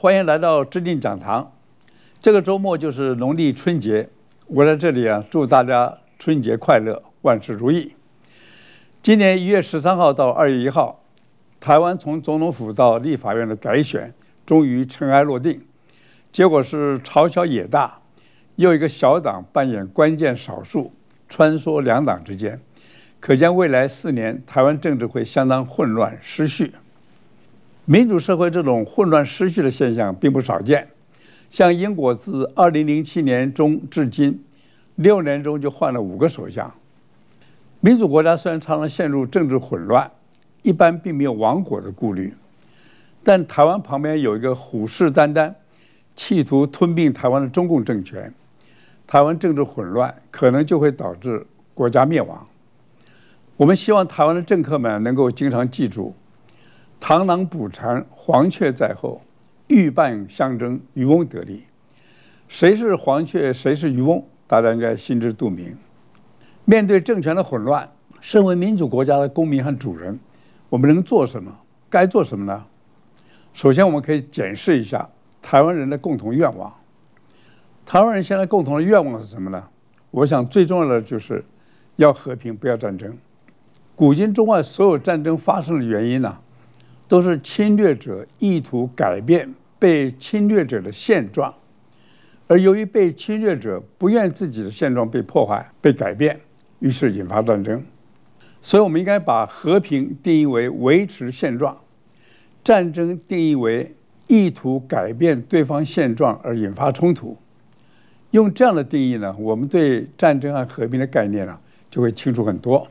歡迎來到知定講堂。這個周末就是農曆春節，我在這裡啊，祝大家春節快樂，萬事如意。今年一月十三號到二月一號，台灣從總統府到立法院的改選終於塵埃落定，結果是朝小野大，又一個小黨扮演關鍵少數，穿梭兩黨之間，可見未來四年台灣政治會相當混亂失序。民主社會這種混亂失序的現象並不少見，像英國自2007年中至今，六年中就換了五個首相。民主國家雖然常常陷入政治混亂，一般並沒有亡國的顧慮，但台灣旁邊有一個虎視眈眈、企圖吞並台灣的中共政權，台灣政治混亂，可能就會導致國家滅亡。我們希望台灣的政客們能夠經常記住，螳螂捕蟬，黃雀在後，鷸蚌相爭，漁翁得利。誰是黃雀？誰是漁翁？大家應該心知肚明。面對政權的混亂，身為民主國家的公民和主人，我們能做什麼？該做什麼呢？首先，我們可以檢視一下台灣人的共同願望。台灣人現在共同的願望是什麼呢？我想最重要的就是，要和平，不要戰爭。古今中外所有戰爭發生的原因呢、啊？都是侵略者意圖改變被侵略者的現狀，而由於被侵略者不願自己的現狀被破壞、被改變，於是引發戰爭。所以，我們應該把和平定義為維持現狀，戰爭定義為意圖改變對方現狀而引發衝突。用這樣的定義呢，我們對戰爭和和平的概念呢、啊、就會清楚很多。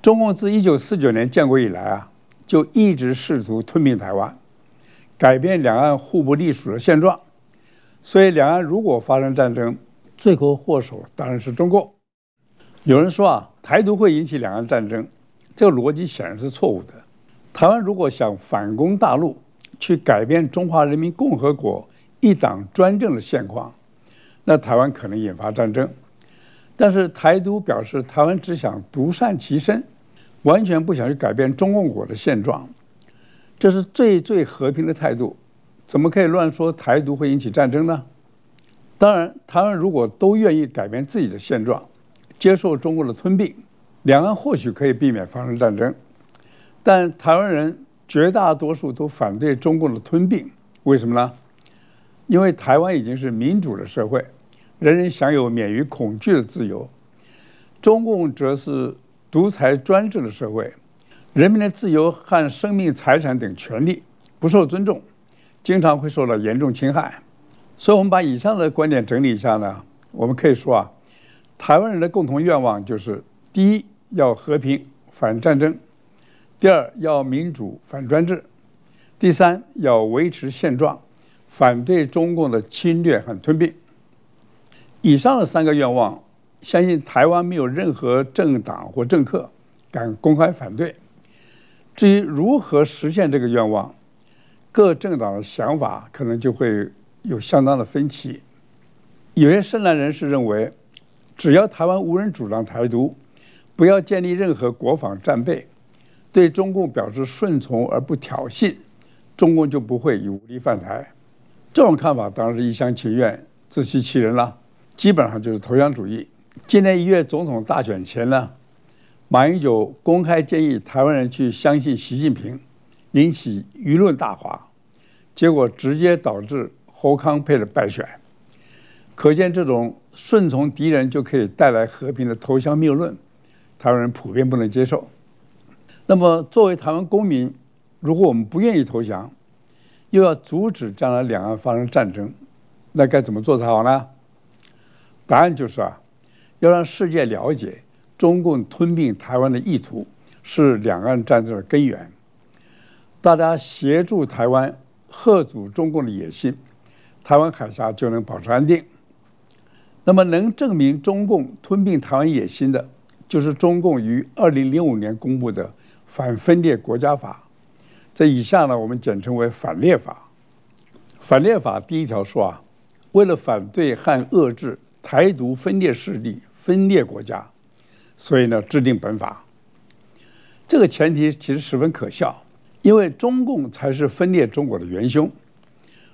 中共自一九四九年建國以來啊。就一直試圖吞併台灣，改變兩岸互不隸屬的現狀。所以，兩岸如果發生戰爭，罪魁禍首當然是中國。有人說啊，台獨會引起兩岸戰爭，這個邏輯顯然是錯誤的。台灣如果想反攻大陸，去改變中華人民共和國一黨專政的現況，那台灣可能引發戰爭。但是，台獨表示，台灣只想獨善其身。完全不想去改變中共國的現狀，這是最最和平的態度。怎麼可以亂說台獨會引起戰爭呢？當然，台灣如果都願意改變自己的現狀，接受中共的吞併，兩岸或許可以避免發生戰爭。但台灣人絕大多數都反對中共的吞併，為什麼呢？因為台灣已經是民主的社會，人人享有免於恐懼的自由。中共則是。獨裁專制的社會，人民的自由和生命、財產等權利不受尊重，經常會受到嚴重侵害。所以，我們把以上的觀點整理一下呢，我們可以說啊，台灣人的共同願望就是：第一，要和平，反戰爭；第二，要民主，反專制；第三，要維持現狀，反對中共的侵略和吞併。以上的三個願望。相信台灣沒有任何政黨或政客敢公開反對。至於如何實現這個願望，各政黨的想法可能就會有相當的分歧。有些深藍人士認為，只要台灣無人主張台獨，不要建立任何國防戰備，對中共表示順從而不挑釁，中共就不會以武力犯台。這種看法當然是一廂情願、自欺欺人了，基本上就是投降主義。今年一月總統大選前呢，馬英九公開建議台灣人去相信習近平，引起輿論大嘩，結果直接導致侯康配的敗選。可見這種順從敵人就可以帶來和平的投降謬論，台灣人普遍不能接受。那麼作為台灣公民，如果我們不願意投降，又要阻止將來兩岸發生戰爭，那該怎麼做才好呢？答案就是啊。要讓世界了解，中共吞併台灣的意圖是兩岸戰爭的根源。大家協助台灣，遏阻中共的野心，台灣海峽就能保持安定。那麼，能證明中共吞併台灣野心的，就是中共於二零零五年公布的《反分裂國家法》，這以下呢，我們簡稱為反裂法《反裂法》。《反裂法》第一條說啊，為了反對和遏制台獨分裂勢力，分裂國家，所以呢，制定本法。這個前提其實十分可笑，因為中共才是分裂中國的元凶。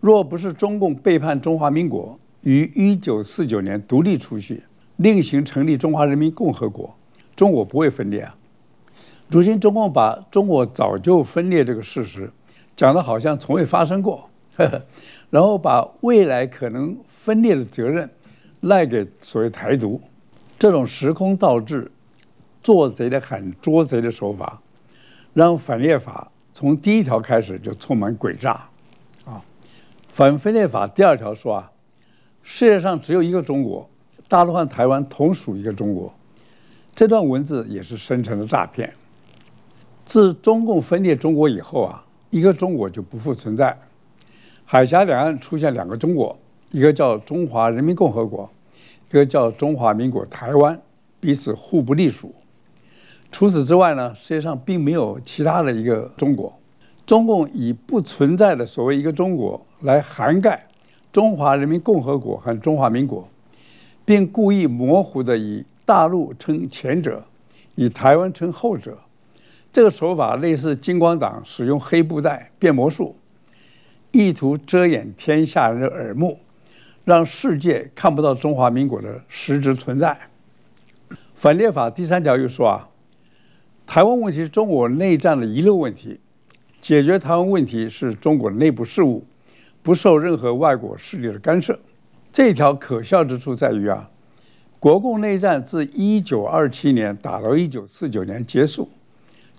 若不是中共背叛中華民國，於一九四九年獨立出去，另行成立中華人民共和國，中國不會分裂啊。如今中共把中國早就分裂這個事實，講得好像從未發生過，呵呵，然後把未來可能分裂的責任，賴給所謂台獨。這種時空倒置、做賊的喊捉賊的手法，讓反裂法從第一條開始就充滿詭詐。啊、哦，反分裂法第二條說啊，世界上只有一個中國，大陸和台灣同屬一個中國。這段文字也是生成了詐騙。自中共分裂中國以後啊，一個中國就不復存在，海峽兩岸出現兩個中國，一個叫中華人民共和國。一個叫中華民國台灣，彼此互不隸屬。除此之外呢，世界上並沒有其他的一個中國。中共以不存在的所謂一個中國來涵蓋中華人民共和國和中華民國，並故意模糊地以大陸稱前者，以台灣稱後者。這個手法類似金光黨使用黑布袋變魔術，意圖遮掩天下人的耳目。讓世界看不到中華民國的實質存在。反裂法第三條又說啊，台灣問題是中國內戰的遺留問題，解決台灣問題是中國內部事務，不受任何外國勢力的干涉。這條可笑之處在於啊，國共內戰自一九二七年打到一九四九年結束，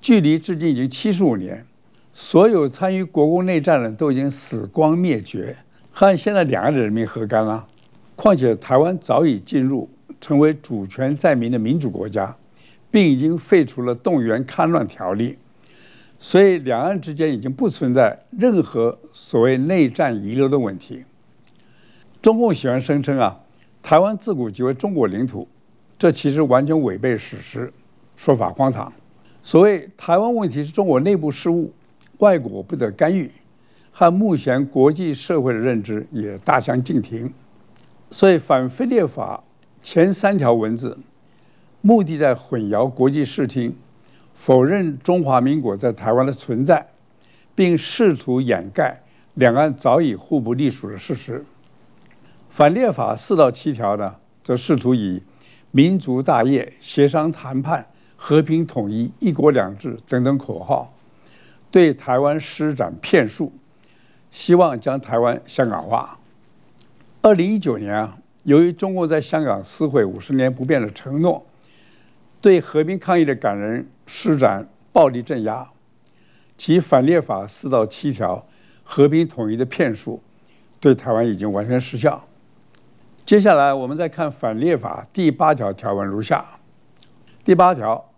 距離至今已經七十五年，所有參與國共內戰的人都已經死光滅絕。和現在兩岸的人民何干了啊？況且台灣早已進入成為主權在民的民主國家，並已經廢除了動員戡亂條例，所以兩岸之間已經不存在任何所謂內戰遺留的問題。中共喜歡聲稱啊，台灣自古即為中國領土，這其實完全違背史實，說法荒唐。所謂台灣問題是中國內部事務，外國不得干預。和目前國際社會的認知也大相徑庭，所以反分裂法前三條文字，目的在混淆國際視聽，否認中華民國在台灣的存在，並試圖掩蓋兩岸早已互不隸屬的事實。反裂法四到七條呢，則試圖以民族大業、協商談判、和平統一、一國兩制等等口號，對台灣施展騙術。希望將台灣香港化。二零一九年啊，由於中共在香港撕毀五十年不變的承諾，對和平抗議的港人施展暴力鎮壓，其反列法四到七條和平統一的騙術，對台灣已經完全失效。接下來我們再看反列法第八條條文如下：第八條，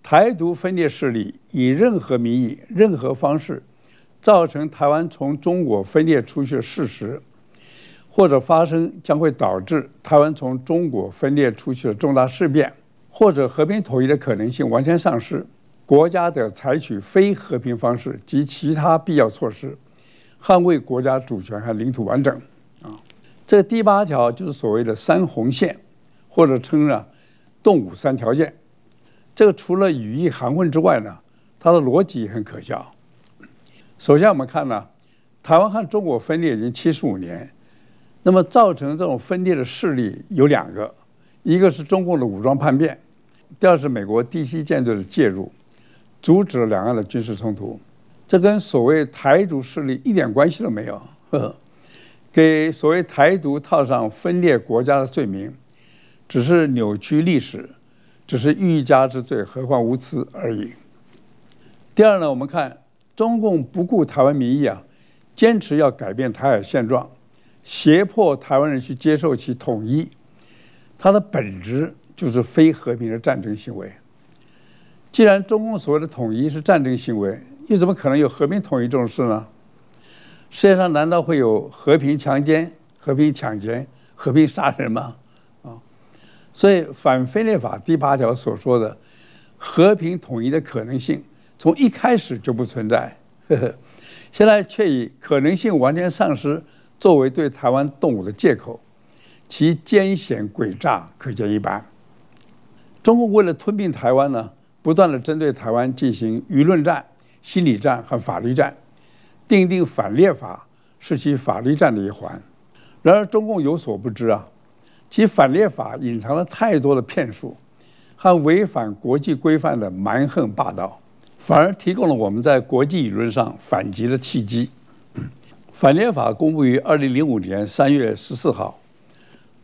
台獨分裂勢力以任何名義、任何方式。造成台灣從中國分裂出去的事實，或者發生將會導致台灣從中國分裂出去的重大事變，或者和平統一的可能性完全喪失，國家得採取非和平方式及其他必要措施，捍衛國家主權和領土完整。啊，這個第八條就是所謂的“三紅線”，或者稱呢，動武三條線三條件。這個除了語義含混之外呢，它的邏輯也很可笑。首先，我們看呢，台灣和中國分裂已經七十五年，那麼造成這種分裂的勢力有兩個，一個是中共的武裝叛變，第二是美國第七艦隊的介入，阻止了兩岸的軍事衝突，這跟所謂台獨勢力一點關係都沒有，呵呵，給所謂台獨套上分裂國家的罪名，只是扭曲歷史，只是欲加之罪，何患無辭而已。第二呢，我們看。中共不顧台灣民意啊，堅持要改變台海現狀，脅迫台灣人去接受其統一，它的本質就是非和平的戰爭行為。既然中共所謂的統一是戰爭行為，又怎麼可能有和平統一這種事呢？世界上難道會有和平強奸、和平搶劫、和平殺人嗎？啊，所以《反分裂法》第八條所說的和平統一的可能性。從一開始就不存在呵呵，現在卻以可能性完全喪失作為對台灣動武的借口，其奸險詭詐可見一斑。中共為了吞併台灣呢，不斷的針對台灣進行輿論戰、心理戰和法律戰，訂定反裂法是其法律戰的一環。然而，中共有所不知啊，其反裂法隱藏了太多的騙術，和違反國際規範的蠻橫霸道。反而提供了我們在國際輿論上反擊的契機。反裂法公布於二零零五年三月十四號，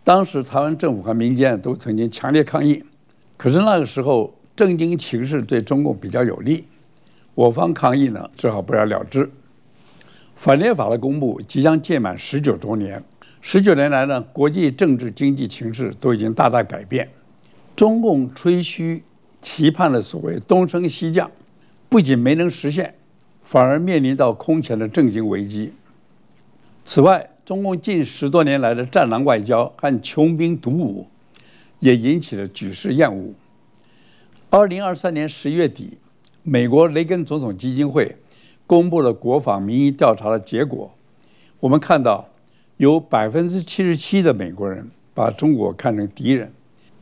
當時台灣政府和民間都曾經強烈抗議，可是那個時候政經情勢對中共比較有利，我方抗議呢只好不了了之。反裂法的公布即將屆滿十九周年，十九年來呢國際政治經濟情勢都已經大大改變，中共吹噓期盼了所謂東升西降。不僅沒能實現，反而面臨到空前的政經危機。此外，中共近十多年來的戰狼外交和窮兵黷武，也引起了舉世厭惡。二零二三年十月底，美國雷根總統基金會公布了國防民意調查的結果。我們看到有77，有百分之七十七的美國人把中國看成敵人，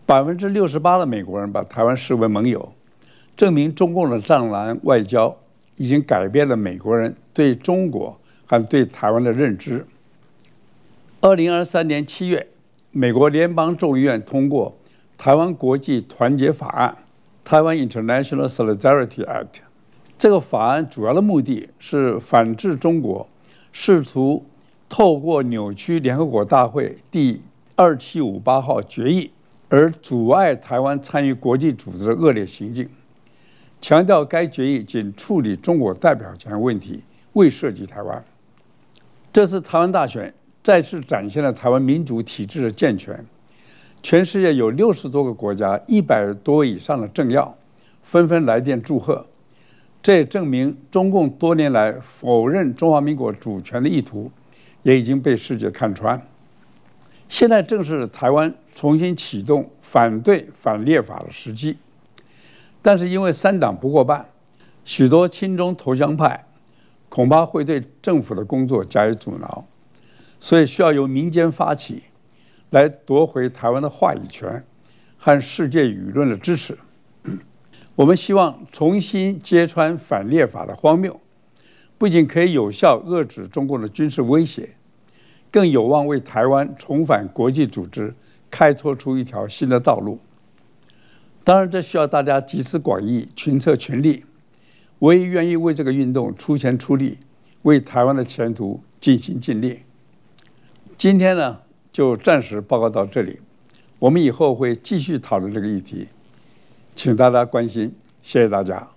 百分之六十八的美國人把台灣視為盟友。證明中共的藏狼外交已經改變了美國人對中國和對台灣的認知。二零二三年七月，美國聯邦眾議院通過《台灣國際團結法案台灣 International Solidarity Act）。這個法案主要的目的是反制中國，試圖透過扭曲聯合國大會第二七五八號決議，而阻礙台灣參與國際組織的惡劣行徑。強調該決議僅處理中國代表權問題，未涉及台灣。這次台灣大選再次展現了台灣民主體制的健全。全世界有六十多個國家、一百多以上的政要紛紛來電祝賀，這也證明中共多年來否認中華民國主權的意圖也已經被世界看穿。現在正是台灣重新啟動反對反裂法的時機。但是因為三黨不過半，許多親中投降派恐怕會對政府的工作加以阻撓，所以需要由民間發起，來奪回台灣的話語權和世界輿論的支持。 我們希望重新揭穿反裂法的荒謬，不僅可以有效遏制中共的軍事威脅，更有望為台灣重返國際組織開拓出一條新的道路。當然，這需要大家集思廣益、群策群力。我也願意為這個運動出錢出力，為台灣的前途盡心盡力。今天呢，就暫時報告到這裡。我們以後會繼續討論這個議題，請大家關心。謝謝大家。